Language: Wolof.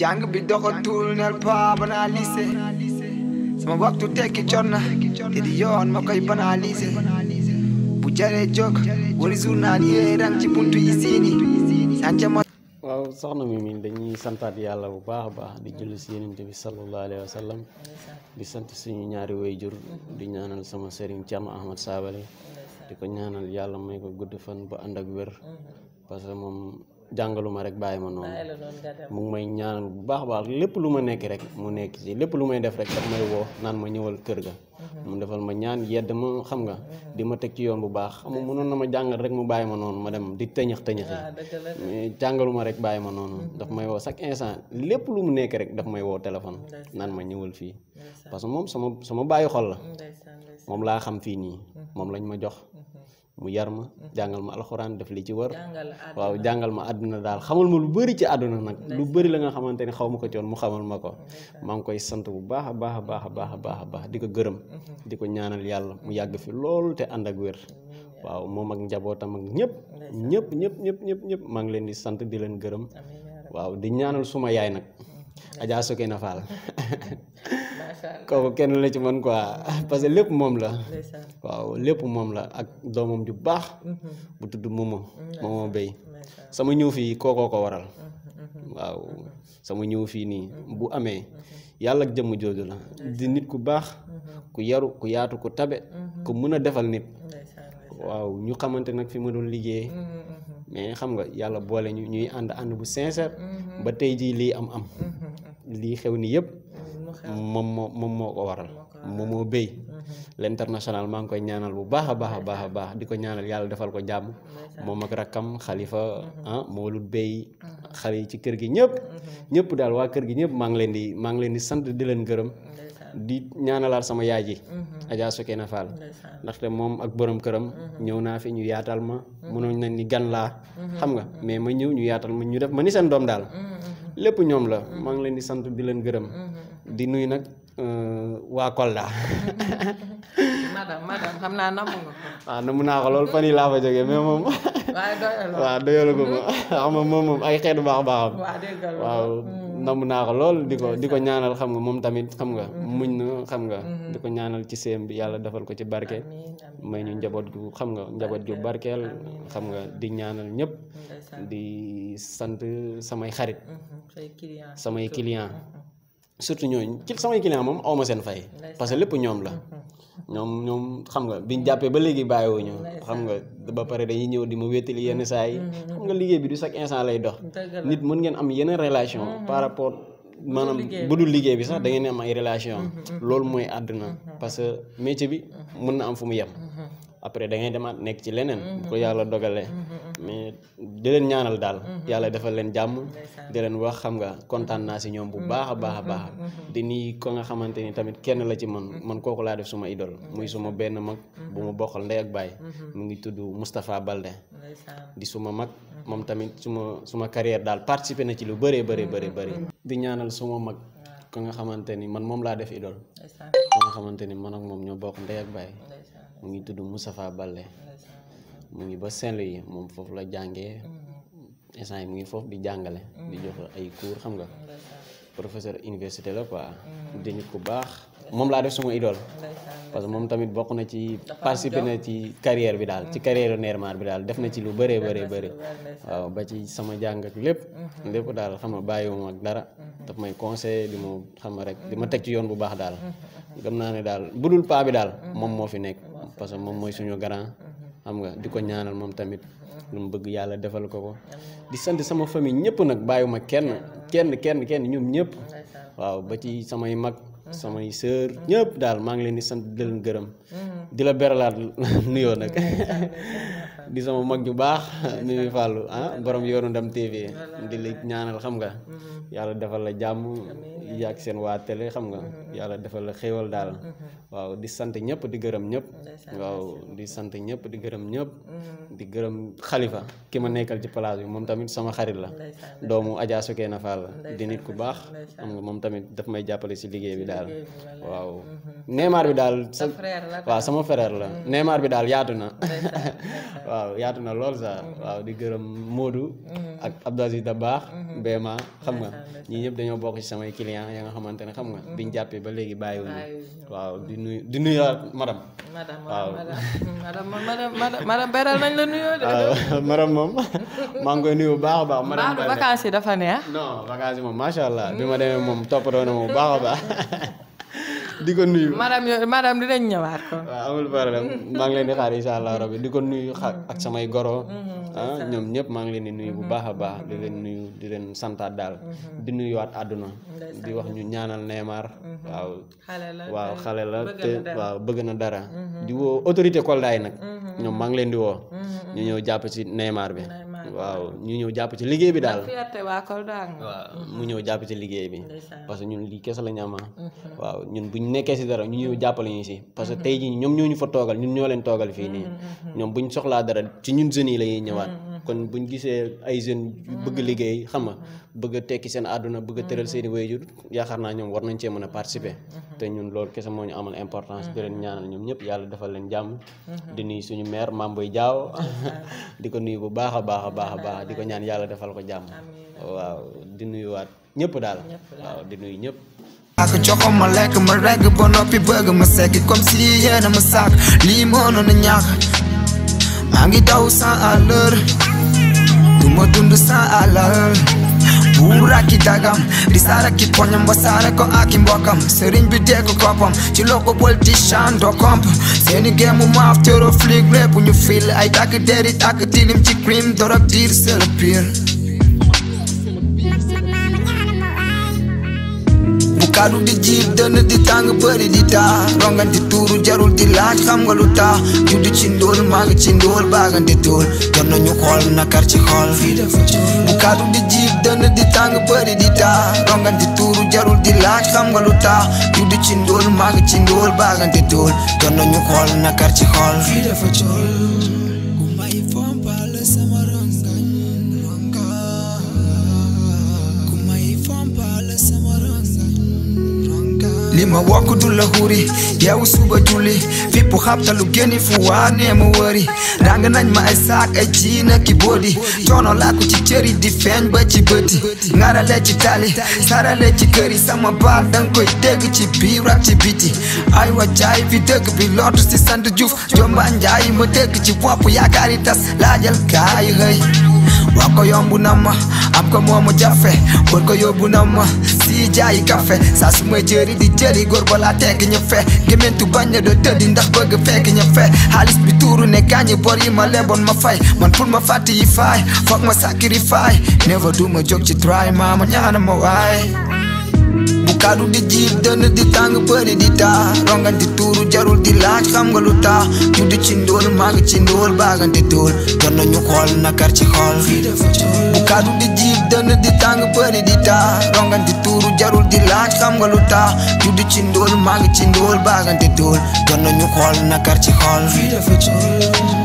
jàng bi doxatul nel pa banalisé sama waxtu tekki jot na te di yoon ma koy banalisé bu jaree jóg wari journal yee dang ci buntu yi siini sancama waaw soxna mi min dañuy santaat yàlla bu baax a baax di julli si yenente bi sallallahu alayhi wa di sant si ñaari wayjur di ñaanal sama sëriñ Thierno Ahmad Sabali di ko ñaanal yàlla may ko gudd fan ba ànd ak wér jàngaluma rek bayima non mu ngi may ñaan bu baax baax lepp lu nekk rek mu nekk ci lepp lu def rek daf may wo naan ma ñewal kër ga mhm. mu defal ma ñaan yedd ma xam nga mhm. di ma ci yoon bu baax xam mu non na ma jangal rek mu bayima non ma dem di tëñax tëñaxi ah, mais rek bayima non mhm. daf may wo chaque instant lepp lu nekk rek daf may wo téléphone naan ma ñewal fi parce que mom sama sama bayu xol la mom la xam fi ni mom lañ ma jox mu yar ma mm-hmm. jàngal ma alxuraan def li ci war waaw jàngal ma àdduna daal xamal ma lu bari ci àdduna nag lu bari la nga xamante ni xaw ma ko ci mu xamal ma ko maa ngi koy sant bu baax a baax a baax a baax a baax a baax di ko gërëm mm-hmm. di ko ñaanal yàlla mu yàgg fi lool te ànd ak wér waaw moom ak njabootam ak ñëpp ñëpp ñëpp ñëpp ñëpp ñëpp maa ngi leen di sant di leen gërëm waaw di ñaanal suma yaay nag mm-hmm. Adja Sokhna Fall Kau kenn la ci mën hmm. quoi parce que lépp moom la waaw lépp moom la ak doomam ju baax bu tudd mooma mooma béy sama ñëw fii kookoo ko waral waaw sama ñëw fi ni bu amee mhm. yàlla ak jëmm jooju la di nit ku baax mhm. ku yaru ku yaatu ku tabe mhm. ku mën a defal nit waaw ñu xamante nak fi ma doon liggéey mais xam nga yàlla ya boole ñu ñuy ànd ànd bu sincère ba tey jii lii am am li xew ni yëpp mom moo moom moo ko waral moom moo béy l'international mang koy ñaanal bu baaxa baaxa baaxa baax diko di ñaanal yalla defal ko jamm mom ak rakam khalifa ah mawlud béy xale yi ci kër gi ñëpp ñëpp dal wa kër gi ñëpp mang leen di mang leen di sante di leen di sama yaji mhm. ji na fal ndax te mom ak borom kërëm mhm. ñew na fi ñu yaatal ma mënoon mhm. nañ ni gan la xam nga mais ma ñew ñu yaatal ma ñu def ma ni sen dom dal lepp ñom la mang ngi leen di sante di leen di nuyu nak euh wa Kolda. madam madam xamna namu nga ah namu na ko lol fani la fa jógee mais moom. waaw doyaloo waaw ko xam nga moom ay xeetu baax baaxam. waaw dégg nga waaw mm. namm ko lool di ko ñaanal xam nga mom tamit xam nga. Mm-hmm. muñ na xam nga. Mm-hmm. diko ñaanal ci séem bi yalla defal ko ci barke. may ñu njabot gu xam nga njabot gu barkel xam nga di ñaanal ñep di sante samay xarit. Mm-hmm. samay client surtout ñooñu ci samay client moom awma seen fay parce que lépp ñoom la ñoom ñoom xam nga biñ jàppee ba léegi bàyyiwuñu xam nga ba pare dañuy ñëw di ma wéttali yenn saa yi mm-hmm. xam nga liggéey bi du chaque instant lay dox nit mën ngeen am yeneen relation mm-hmm. par rapport maanaam bu dul liggéey bi sax da ngeen am ay relation mm-hmm. loolu mooy àdduna parce que métier bi mën na am fu mu yem après da ngay demaat nekk ci leneen bu ko yàlla dogalee mais di leen ñaanal daal mhm. yàlla defal leen jàmm di leen wax xam nga kontaan naa si ñoom bu mhm. baax a baax a mhm. baax di nii ko nga xamante tamit kenn la ci man man kooku laa def suma idol muy suma benn mag bu mu bokkal ndey ak baay mu ngi tudd Moustapha Balde di suma mag moom tamit suma suma carrière daal participer na ci lu bëree bëree bëri bëri di ñaanal suma mag ko nga xamante man moom laa def idol ko nga xamante ni man ak moom ñoo bokk ndey ak mu ngi tudd Moustapha Balde mu ngi ba Saint-Louis mom fofu la jangé instant hmm. yi mu ngi fofu di jangalé e, hmm. di jox ay cours xam nga hmm, professeur université la quoi di ko bax mom la def suma idole parce que mom tamit bokku na ci participer na ci carrière bi dal ci carrière Nermar bi dal def na ci lu béré béré béré waaw ba ci sama jang ak lépp lépp dal xam nga bàyyiwuma ak dara daf may conseil di mo xam rek di ma tek ci yoon bu baax dal gëm na ne dal budul pa bi dal mom mo fi nek parce que mom moy suñu grand xam nga di ko ñaanal moom tamit lu mu bëgg yàlla defal ko ko di sant sama famille ñëpp nag bàyyiwuma kenn kenn kenn kenn ñoom ñëpp waaw ba ci samay mag samay sœur ñëpp daal maa ngi leen di sant di leen gërëm mm-hmm. di la beralaat nuyoo nag mm-hmm. di sama mag ju baax iya, falu, ah borom yoonu ndam TV di la iya, ñaanal iya. xam nga yàlla defal la jàmm yàgg seen waa télé xam nga defal la xéewal dal waaw di sant ñëpp di gërëm ñëpp waaw di sant ñëpp di gërëm ñëpp di gërëm xalifa ki ma nekkal ci place bi tamit sama xarit la doomu Adja na Fall di nit ku baax xam nga moom tamit daf may jàppale si liggéey bi dal, waaw mm-hmm. Neymar bi daal waaw sama frère la mm-hmm. Neymar bi dal, yaatu na waaw yaatu na lool sax mhm. waaw di gërëm Modou mhm. ak Abdou baax Dabaax mhm. Béma xam nga ñii ñëpp dañoo bokk ci samay client ya nga xamante ne xam nga biñ jàppee ba léegi bàyyiwuñu waaw di nuyu di nuyaat madame waaw madame madame beral nañ la nuyoo de madame moom maa ngi koy nuy bu baax a baax madame beral vacances yi dafa neex non vacances moom macha allah bi ma demee moom toppatoo na moom bu baax di ko nuyu madame madame dinañ ñëwaat ko waaw amul problème maa ngi leen di xaar incha allah rabbi di ko nuyu ak samay goro mm-hmm, ah, ñoom ñëpp maa ngi leen di nuyu bu mm-hmm, baax a baax di leen mm-hmm. nuyu di leen santaat daal di nuyuwaat àdduna di wax ñu ñaanal Neymar waaw waaw xale la te waaw bëgg na dara di woo autorité Kolda nag ñoom maa ngi leen di woo ñu ñëw jàpp ci Neymar bi waaw ñu ñëw jàpp ci liggéey bi daal mu ñëw jàpp ci liggéey bi parce que ñun lii kese la ñu am ah. mhm. waaw ñun bu ñu nekkee si dara ñu ñëw mhm. jàppale ñu si parce que mhm. tey jii ñoom ñoo ñu fa toogal ñun ñoo leen toogal fii nii ñoom bu ñu soxlaa dara ci ñun jeunes yi la ñuy ñëwaat kon bu buñ gisee ay jeunes bëgg mm-hmm. liggéey xam nga mm-hmm. bëgg tekki seen àdduna bëgg a tëral seen i mm-hmm. wayjur yaakaar naa ñoom war nañ cee mën a participer te ñun loolu kese moo ñu amal importance di leen ñaanal ñoom ñëpp yàlla defal leen jàmm di nuy suñu maire Mame Boye jaaw di ko nuyu bu baax a baax a baax a baax di ko ñaan yàlla defal ko jàmm waaw di nuyuwaat ñëpp daal waaw di nuyu ñëpp ak joxo ma lekk ma regg ba noppi bëgg ma sekki comme si yéena ma sàkk lii mënoon a ñàkk maa modundu ala Buura ki dagam, risara ki ponyam Wasara ko akim mbokam serin bi deko kopam Chilo ko politician do komp Seni gemu maaf tero flick rap When you feel ay tak deri daki dilim krim dorak dir selapir Kadu di jeep dan di tàng beri di taa rongan di tuuru jarul di laaj xam nga judi taa juddu ci ndóol maa ngi ci ndóol baagan di tóol ci xool bu di jeep dan di tàng beri di taa rongan di tuuru jarul di laaj xam nga judi taa juddu ci ndóol maa ngi ci ndóol baagan di tóol ci xool fii dafa cool ma wokk du la xuri yeewu suba julli fippu xabtalu génni fu waa nee ma wëri ràng nañ ma ay saak ay ciina ki boodi coono laa ko ci cëri di feeñ ba ci bëti ngarale ci tali sarale ci këri sama baat danga koy dégg ci biir ci biti ay wa jaay fi dëkk bi lootu si sant Juuf jomba njaay ma dégg ci bopp yaakaari tas laajal kaay xëy wako yo mbunama amkomo mojafe gorko yo bunama si jayi kafe sasumay jeri di jeli gorko la teg gementu bagne do tedi ndax bëgg Halis ñefe ne kanye bor yi mafai. lebon ma fay man pour ma fàtti ma sacrify never do ma jóg ci try maama ñaana ma waay bu di jiib dan di tàng bëri di ta, rongan di turu jarul di laaj xam nga lu taa judd ci ndóol maa ngi ci nakar ci xool di jiib dan di tàng bëri di ta, rongan di turu jarul di laaj xam nga lu taa judd ci ndóol maa ngi ci nakar ci